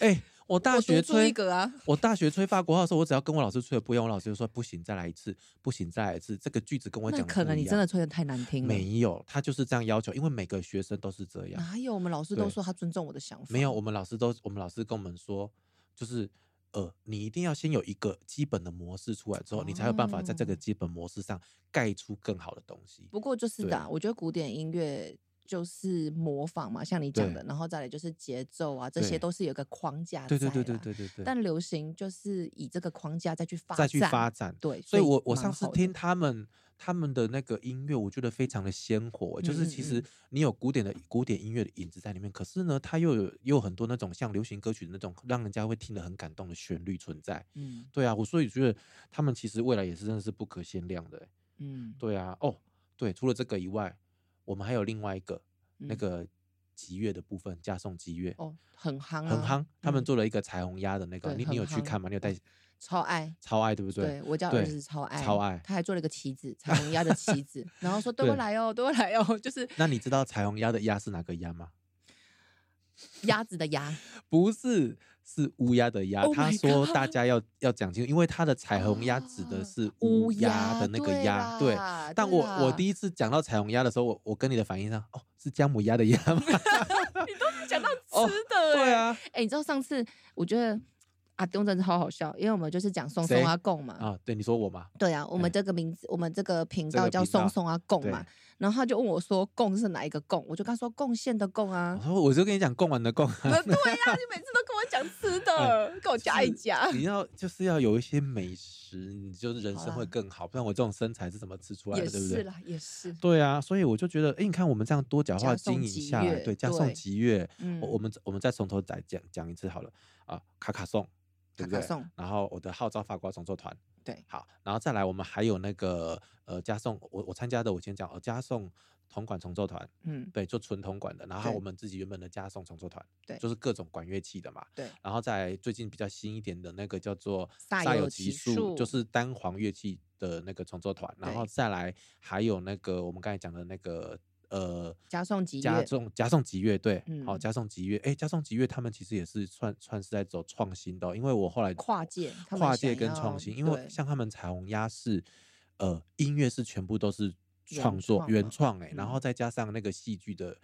哎、 欸，我大學吹一個啊，我大學吹法國號的時候，我只要跟我老師吹的不一樣，我老師就說不行，再來一次，不行，再來一次。這個句子跟我講，可能你真的吹得太難聽了。沒有，他就是這樣要求，因為每個學生都是這樣。哪有我們老師都說他尊重我的想法？沒有，我們老師都，我們老師跟我們說。就是，呃，你一定要先有一個基本的模式出來之後，哦、你才有辦法在這個基本模式上蓋出更好的東西。不過就是的、啊，對，我覺得古典音樂。就是模仿嘛，像你講的，然後再來就是節奏啊，這些都是有一個框架在對對對對對對對,對。但流行就是以這個框架再去發展再去發展。對，所以,所以我我上次聽他們他們的那個音樂，我覺得非常的鮮活。就是其實你有古典的嗯嗯古典音樂的影子在裡面，可是呢，它又有又有很多那種像流行歌曲的那種讓人家會聽得很感動的旋律存在。嗯。對啊，我所以覺得他們其實未來也是真的是不可限量的欸。嗯。對啊，哦，對，除了這個以外。我們還有另外一個、嗯、那個吉樂的部分，嘉頌吉樂哦，很夯、啊，很夯。他們做了一個彩虹鴨的那個，嗯、你你有去看嗎？你有帶超，超愛，超愛，對不對？對，我叫兒子超愛，超愛。他還做了一個旗子，彩虹鴨的旗子， 然後說“都過來哦、喔，都 過來哦、喔”，就是。那你知道彩虹鴨的鴨是哪個鴨嗎？鴨子的鴨 不是。是烏鴉的鴉。oh、他說大家要要講清楚，因為他的彩虹鴉指的是烏鴉的那個鴉、啊啊，對。但我、啊、我第一次講到彩虹鴉的時候，我我跟你的反應上，哦，是薑母鴨的鴨嗎？ 你都是講到吃的、哦、對啊，哎、欸，你知道上次我覺得。啊，丁真的好好笑，因為我們就是講鬆頌阿、啊、貢嘛。啊，對，你說我嗎？對啊，我們這個名字，哎、我們這個頻道叫鬆頌阿、啊、貢嘛、這個。然後他就問我說：“貢是哪一個貢？”我就跟他說：“貢獻的貢啊。我”然後我就跟你講，貢丸的貢。”對呀、啊，你每次都跟我講吃的，給我夾一夾。你要就是要有一些美食，你就是人生會更好，好，不然我這種身材是怎麼吃出來的？也對不對？是啦，也是。對啊，所以我就覺得，哎，你看我們這樣多講話經營下來，對，嘉頌吉月。嗯。我們我們再從頭再講講一次好了。啊，卡卡頌，對不對，卡卡頌，然後我的號召法國重奏團，對，好，然後再來我們還有那個呃嘉頌，我我參加的我先講，呃嘉頌銅管重奏團，嗯，對，就純銅管的，然後我們自己原本的嘉頌重奏團，對，就是各種管樂器的嘛，對，然後再最近比較新一點的那個叫做薩有奇數，就是單簧樂器的那個重奏團，然後再來還有那個我們剛才講的那個。呃，嘉頌擊，嘉頌嘉頌擊樂，對，好，嗯，嘉頌擊樂，哎，欸，嘉頌擊樂，他們其實也是算算是在走創新的，因為我後來跨界，跨界跟創新，因為像他們彩虹鴨是，呃，音樂是全部都是創作原創，哎，欸，然後再加上那個戲劇的、嗯、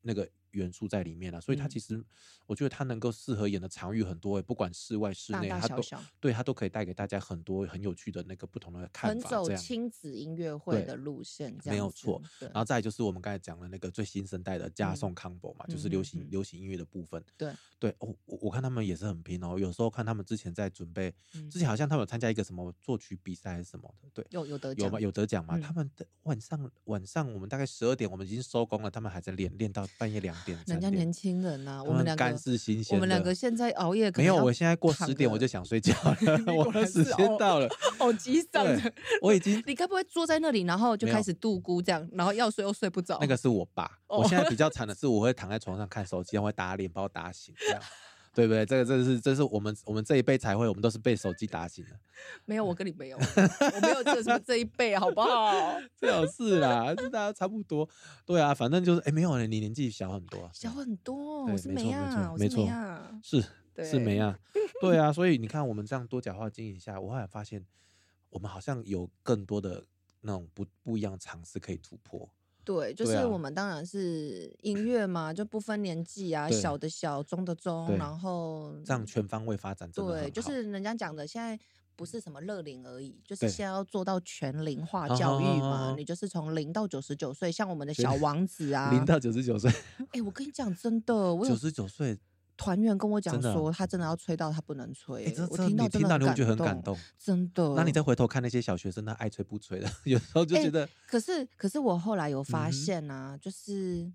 那個。.元素在裡面了，啊，所以他其實，我覺得他能夠適合演的場域很多、欸，不管室外室內，他都對他都可以帶給大家很多很有趣的那個不同的看法。很走親子音樂會的路線沒有錯，然後再就是我們剛才講的那個最新生代的嘉頌 combo 嘛、嗯，就是流行嗯嗯嗯流行音樂的部分。對對，我、哦、我看他們也是很拼哦，有時候看他們之前在準備，嗯、之前好像他們有參加一個什麼作曲比賽還是什麼的，對，有有得有嗎？有得獎嗎、嗯？他們的晚上晚上我們大概十二點我們已經收工了，他們還在練練到半夜兩點點人家年輕人啊，我們兩個甘是新鮮，我們兩個現在熬夜。沒有，我現在過十點我就想睡覺了，了 我的時間到了，好急躁。我已經，你該不會坐在那裡，然後就開始度孤這樣，然後要睡又睡不着。那個是我爸。我現在比較慘的是，我會躺在床上看手機，然後會打臉把我打醒這樣。對不對？這個這個、是這是我們我們這一輩才會，我們都是被手機打醒的。沒有，我跟你沒有，嗯、 我沒有這是，是這一輩，好不好？這 樣是啦、啊， 是大家差不多。對啊，反正就是哎、欸，沒有、欸、你年紀小很多，小很多、哦，對。我是沒啊，沒沒是啊，沒錯，是對，是沒啊，對啊。所以你看，我們這樣多角化經營一下，我後來發現我們好像有更多的那種不不一樣的嘗試可以突破。對，就是我們當然是音樂嘛、啊，就不分年紀啊，小的小，中的中，然後這樣全方位發展。對，就是人家講的，現在不是什麼樂齡而已，就是先要做到全齡化教育嘛，你就是從零到九十九歲，像我們的小王子啊，零到九十九歲。哎、欸，我跟你講，真的，我九十九歲。團員跟我講說，他真的要吹到他不能吹。欸欸，我聽到的感覺，你聽到會覺得很感動，真的。那你再回頭看那些小學生，他愛吹不吹的， 有時候就覺得、欸。可是，可是我後來有發現啊，嗯、就是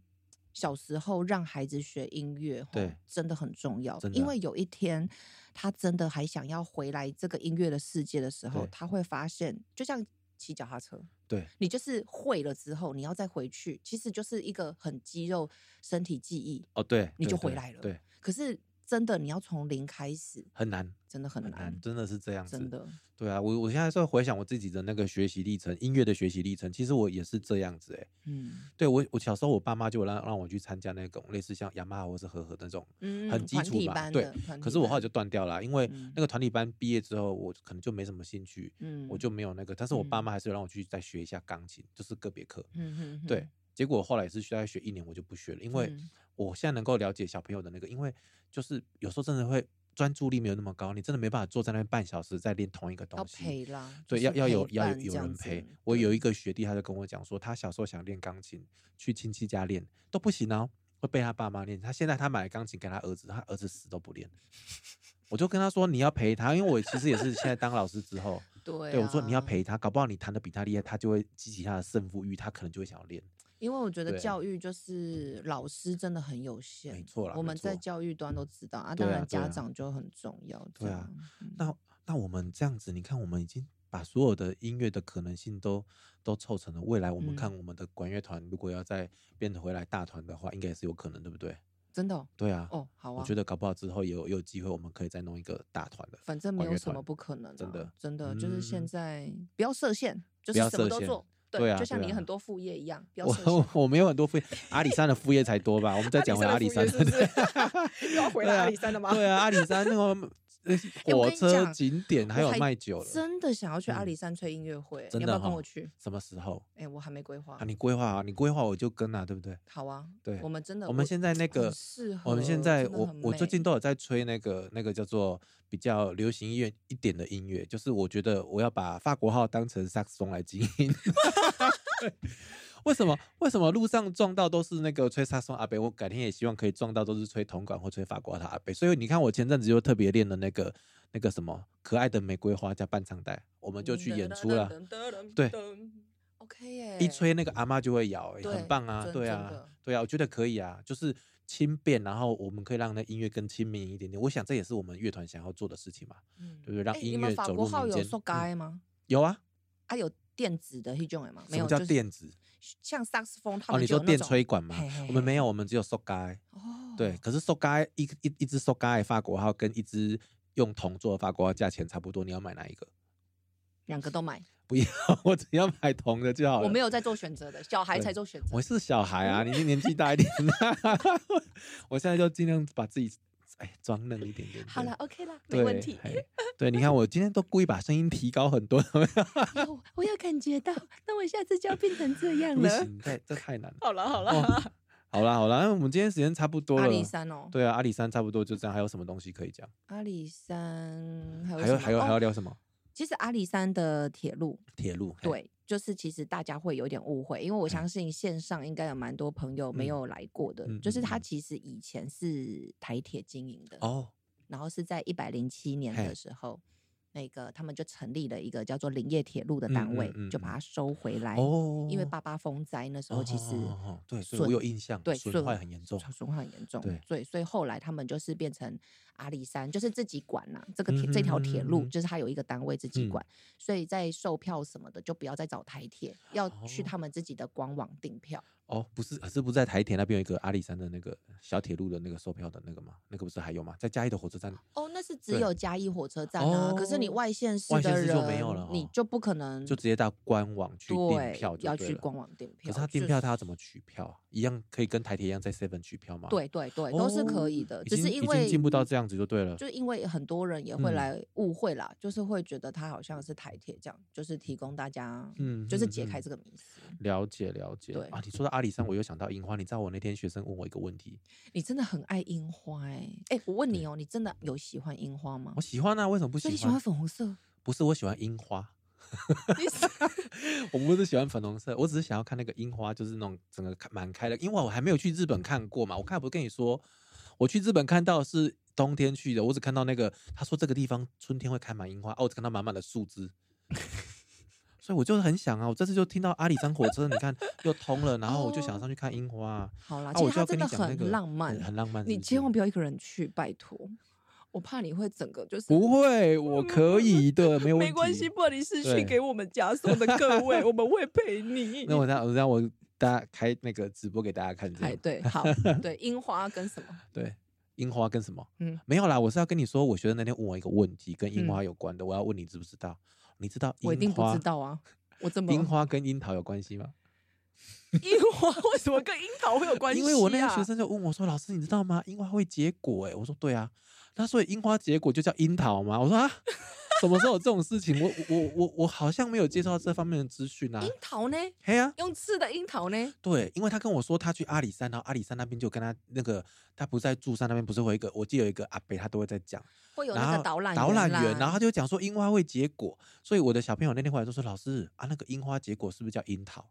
小時候讓孩子學音樂，對，真的很重要。啊，因為有一天他真的還想要回來這個音樂的世界的時候，他會發現，就像騎腳踏車。對，你就是會了之後，你要再回去，其實就是一個很肌肉，身體記憶。哦，對，你就回來了。對，對，對。可是。真的，你要從零開始，很難，真的很難，很難真的是這樣子，的。對啊，我我現在在回想我自己的那個學習歷程，音樂的學習歷程，其實我也是這樣子誒、欸。嗯，對我我小時候我爸媽就讓讓我去參加那種類似像雅馬哈或是和和那種，嗯，很基礎的，對。可是我後來就斷掉了，因為那個團體班畢業之後，我可能就沒什麼興趣，嗯，我就沒有那個。但是我爸媽還是有讓我去再學一下鋼琴，就是個別課，嗯哼哼，對。結果後來也是需要學一年，我就不學了，因為我現在能夠了解小朋友的那個、嗯，因為就是有時候真的會專注力沒有那麼高，你真的沒辦法坐在那邊半小時再練同一個東西。要要要有要有有人陪。我有一個學弟，他就跟我講說，他小時候想練鋼琴，去親戚家練都不行哦，會被他爸媽練。他現在他買了鋼琴給他兒子，他兒子死都不練。 我就跟他說，你要陪他，因為我其實也是現在當老師之後， 對，啊、對，對我說你要陪他，搞不好你彈的比他厲害，他就會激起他的勝負欲，他可能就會想要練。因為我覺得教育就是老師真的很有限，啊、沒錯啦。我們在教育端都知道啊，啊，當然家長就很重要。對啊，對啊嗯、那那我們這樣子，你看，我們已經把所有的音樂的可能性都都湊成了。未來我們看我們的管樂團，如果要再變回來大團的話，應該也是有可能，對不對？真的。對啊。哦，好啊。我覺得搞不好之後也有有機會，我們可以再弄一個大團的。反正沒有什麼不可能、啊。的。真的、嗯、就是現在不要設限，就是什麼都做。對，對啊，就像你很多副業一樣，啊、我我，我沒有很多副業， 阿里山的副業才多吧？我們再講回阿里山，又要回阿里山了 嗎？對、啊？對啊，阿里山那個。火車景點還有賣酒，欸、真的想要去阿里山吹音樂會、欸嗯，真的、哦、你要不要跟我去，什麼時候？哎、欸，我還沒規劃。你規劃啊，你規劃、啊、我就跟啊，對不對？好啊，對，我們真的我，我們現在那個，我，我們現在我我最近都有在吹那個那個叫做比較流行音樂一點的音樂，就是我覺得我要把法國號當成薩克斯來經營。 為什麼為什麼路上撞到都是那個吹薩松阿伯？我改天也希望可以撞到都是吹銅管或吹法國號的阿伯。所以你看我前陣子就特別練了那個那個什麼可愛的玫瑰花加伴唱帶，我們就去演出了。嗯、對，OK、嗯、一吹那個阿嬤就會咬、欸，很棒啊，很，對啊，對啊，我覺得可以啊，就是輕便，然後我們可以讓那音樂更親民一點點。我想這也是我們樂團想要做的事情嘛，對不對？就是、讓音樂走入民間、欸、有、嗯、有啊，它、啊、有電子的那種嗎？沒有，什麼叫電子？像薩克斯風，他們就哦，你說電吹管嗎嘿嘿嘿。我們沒有，我們只有 sogai。哦。對，可是 sogai 一一一隻 sogai 法國號跟一隻用銅做的法國號價錢差不多，你要買哪一個？兩個都買。不要，我只要買銅的就好了。我沒有在做選擇的，小孩才做選擇。我是小孩啊，你年紀大一點、啊。 我現在就儘量把自己。哎，裝嫩一點點。好了，OK 了，沒問題 對。對，你看我今天都故意把聲音提高很多， Yo，我有感覺到， 那我下次就要變成這樣了。不行，太，這太難了。好了，好了，哦嗯，好了，好了。那我們今天時間差不多了。阿里山哦，對啊，阿里山差不多就這樣。還有什麼東西可以講？阿里山、嗯、還有還有，還，有、哦、還要聊什麼？其實阿里山的鐵路。鐵路。對。對就是其實大家會有點誤會，因為我相信線上應該有蠻多朋友沒有來過的，嗯嗯嗯嗯、就是他其實以前是台鐵經營的、哦、然後是在一百零七年的時候，那個他們就成立了一個叫做林業鐵路的單位，嗯嗯嗯、就把它收回來、哦、因為八八風災那時候其實、哦哦哦哦、對，所以我有印象，對損損，損壞很嚴重，損壞很嚴重，對，對所以後來他們就是變成。阿里山就是自己管吶、啊，這個鐵、嗯、這條鐵路、嗯、就是它有一個單位自己管、嗯，所以在售票什麼的就不要再找台鐵，要去他們自己的官網訂票。哦，不是，是不是在台鐵那邊有一個阿里山的那個小鐵路的那個售票的那個嗎？那個不是還有嗎？在嘉義的火車站。哦，那是只有嘉義火車站啊。哦、可是你外縣市的人，就沒有了哦、你就不可能就直接到官網去訂票就，要去官網訂票。可是他訂票，他要怎麼取票？一樣可以跟台鐵一樣在 Seven 取票嗎？對對對、哦，都是可以的，只是因為已經已經進不到這樣。就對了，就因為很多人也會來誤會啦、嗯，就是會覺得他好像是台鐵這樣，就是提供大家，嗯，嗯，就是解開這個迷思。了解，了解。對啊，你說到阿里山，我又想到櫻花。你知道我那天學生問我一個問題，你真的很愛櫻花哎、欸、哎、欸，我問你哦、喔，你真的有喜歡櫻花嗎？我喜歡啊，為什麼不喜歡？你喜歡粉紅色？不是，我喜歡櫻花。哈哈哈，我不是喜歡粉紅色，我只是想要看那個櫻花，就是那種整個滿開的，因為我還沒有去日本看過嘛。我剛才不是跟你說，我去日本看到是。冬天去的，我只看到那個。他說這個地方春天會開滿櫻花，哦、啊，我只看到滿滿的樹枝。 所以我就很想啊，我這次就聽到阿里山火車， 你看又通了，然後我就想上去看櫻花、哦。好啦，啊、其實我就要跟你講真的很浪漫，那個嗯、很浪漫是是。你千萬不要一個人去，拜托，我怕你會整個就是不會，我可以的，沒問題 沒關係。布里斯區給我們嘉頌的各位， 我們會陪你。那我讓我這我大家開那個直播給大家看。哎，對，好， 對櫻花跟什麼？ 對。櫻花跟什麼、嗯？沒有啦。我是要跟你說，我學生那天問我一個問題，跟櫻花有關的、嗯。我要問你知不知道？你知道櫻花？我一定不知道啊！我怎麼？櫻花跟櫻桃有關係嗎？櫻 花為什麼跟櫻桃會有關係、啊？因為我那個學生就問我說：“老師，你知道嗎？櫻花會結果、欸？”哎，我說：“對啊。”他說：“所以櫻花結果就叫櫻桃嗎？”我說：“啊。 ” 什麼時候有這種事情？我我我我好像沒有接到這方面的資訊啊！櫻桃呢？嘿啊、用刺的櫻桃呢？對，因為他跟我說他去阿里山，然後阿里山那邊就跟他那個他不在祝山那邊，不是會一個，我記得有一個阿伯，他都會在講，會有那個導覽導覽員，然後他就講說櫻花會結果，所以我的小朋友那天回來就說：“老師啊，那個櫻花結果是不是叫櫻桃？”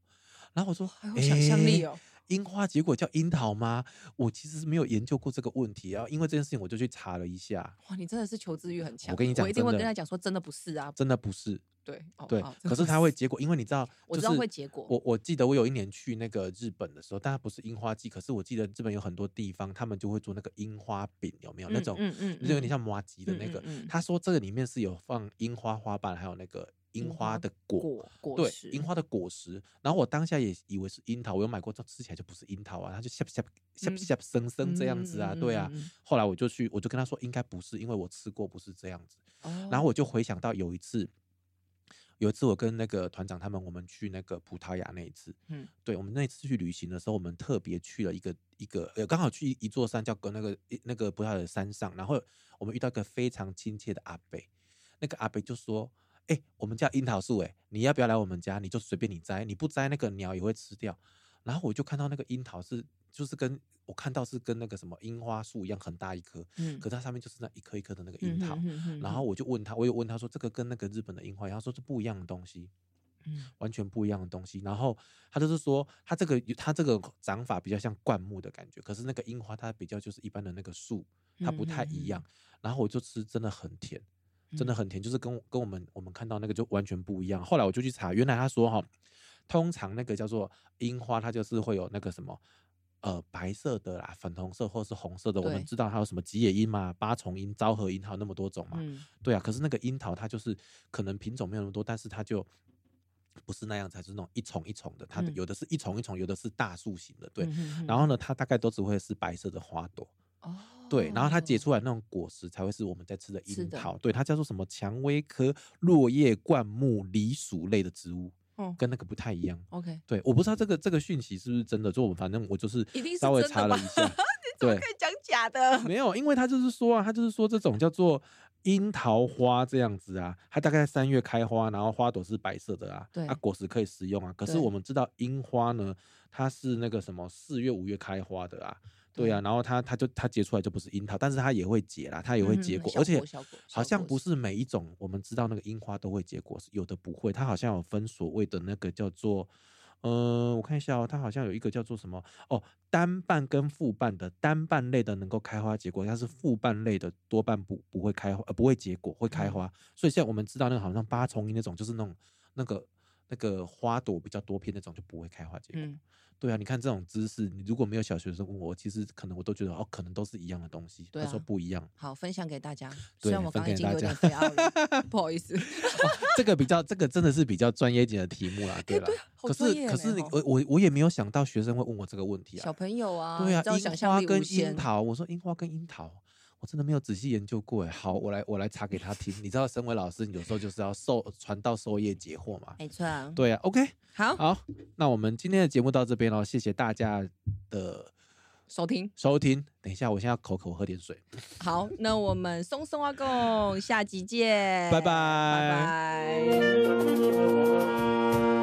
然後我說還有想象力哦，欸、櫻花結果叫櫻桃嗎？我其實是沒有研究過這個問題，然後因為這件事情我就去查了一下。哇，你真的是求知欲很強。我跟你講，我一定會跟他講說真的不是啊，真的不是。對、哦、對、哦，可是他會結果，因為你知道，我知道會結果。就是、我我記得我有一年去那個日本的時候，但它不是櫻花季，可是我記得日本有很多地方他們就會做那個櫻花餅，有沒有、嗯、那種？嗯嗯，有點像麻糬的那個。嗯嗯嗯、他說這個裡面是有放櫻花花瓣，還有那個。櫻花的果果、果實，櫻花的果實。然後我當下也以為是櫻桃，我有買過，這吃起來就不是櫻桃啊，它就沙不沙不不生生這樣子啊、嗯嗯嗯，對啊。後來我就去，我就跟他說，應該不是，因為我吃過，不是這樣子。哦。然後我就回想到有一次，有一次我跟那個團長他們，我們去那個葡萄牙那一次，嗯、對，我們那一次去旅行的時候，我們特別去了一個一個，呃，剛好去一,一座山叫那個、那個、那個葡萄牙的山上，然後我們遇到一個非常親切的阿伯，那個阿伯就說，哎、欸，我們叫櫻桃樹誒，你要不要來我們家？你就隨便你摘，你不摘那個鳥也會吃掉。然後我就看到那個櫻桃是，就是跟我看到是跟那個什麼櫻花樹一樣，很大一棵。嗯、可是它上面就是那一顆一顆的那個櫻桃、嗯哼哼哼哼。然後我就問他，我又問他說，這個跟那個日本的櫻花，然後說是不一樣的東西、嗯，完全不一樣的東西。然後他就是說，他這個他這個長法比較像灌木的感覺，可是那個櫻花它比較就是一般的那個樹，它不太一樣。嗯、哼哼然後我就吃，真的很甜。真的很甜，就是跟跟我們我們看到那個就完全不一樣。後來我就去查，原來他說哈、哦，通常那個叫做櫻花，它就是會有那個什麼呃白色的啦、粉紅色或是紅色的。我們知道它有什麼吉野櫻嘛、八重櫻、昭和櫻，還有那麼多種嘛、嗯。對啊，可是那個櫻桃它就是可能品種沒有那麼多，但是它就不是那樣，才、就是那種一叢一叢的。它的、嗯、有的是一叢一叢，有的是大樹型的。對、嗯哼哼，然後呢，它大概都只會是白色的花朵。哦、oh，對，然後它結出來那種果實才會是我們在吃的櫻桃的，對，它叫做什麼薔薇科落葉灌木梨屬類的植物，哦、oh，跟那個不太一樣。OK，對，我不知道這個這個訊息是不是真的，就我反正我就是稍微查了一下。一 你怎麼可以講假的？沒有，因為它就是說啊，它就是說這種叫做櫻桃花這樣子啊，它大概三月開花，然後花朵是白色的啊，對啊，果實可以食用啊。可是我們知道櫻花呢，它是那個什麼四月五月開花的啊。對啊，然後它它就它結出來就不是櫻桃，但是它也會結啦，它也會結果，嗯、小果，小果，小果，而且好像不是每一種我們知道那個櫻花都會結果，是有的不會，它好像有分所謂的那個叫做，嗯、呃，我看一下哦，它好像有一個叫做什麼哦，單瓣跟複瓣的，單瓣類的能夠開花結果，它是複瓣類的多半不不會開花、呃、不會結果會開花，嗯，所以現在我們知道那個好像八重櫻那種就是那種那個那個花朵比較多片那種就不會開花結果。嗯對啊，你看這種知識，你如果沒有小學生問我，其實可能我都覺得哦，可能都是一樣的東西。他、啊、說不一樣。好，分享給大家。對，雖然我剛剛經過 不好意思 、哦。這個比較，這個真的是比較專業級的題目啦，對啦、欸哦？可是可是我我我也沒有想到學生會問我這個問題啊。小朋友啊，對啊，櫻花跟櫻桃，我說櫻花跟櫻桃。我真的沒有仔細研究過誒。好，我來我來查給他聽。你知道身為老師你有時候就是要授傳道授業解惑嘛？沒錯啊，對啊。OK，好，好，那我們今天的節目到這邊嘍，謝謝大家的收聽收聽。等一下，我先要口口喝點水。好，那我們鬆頌 ㄚ 貢下集見，拜拜拜拜。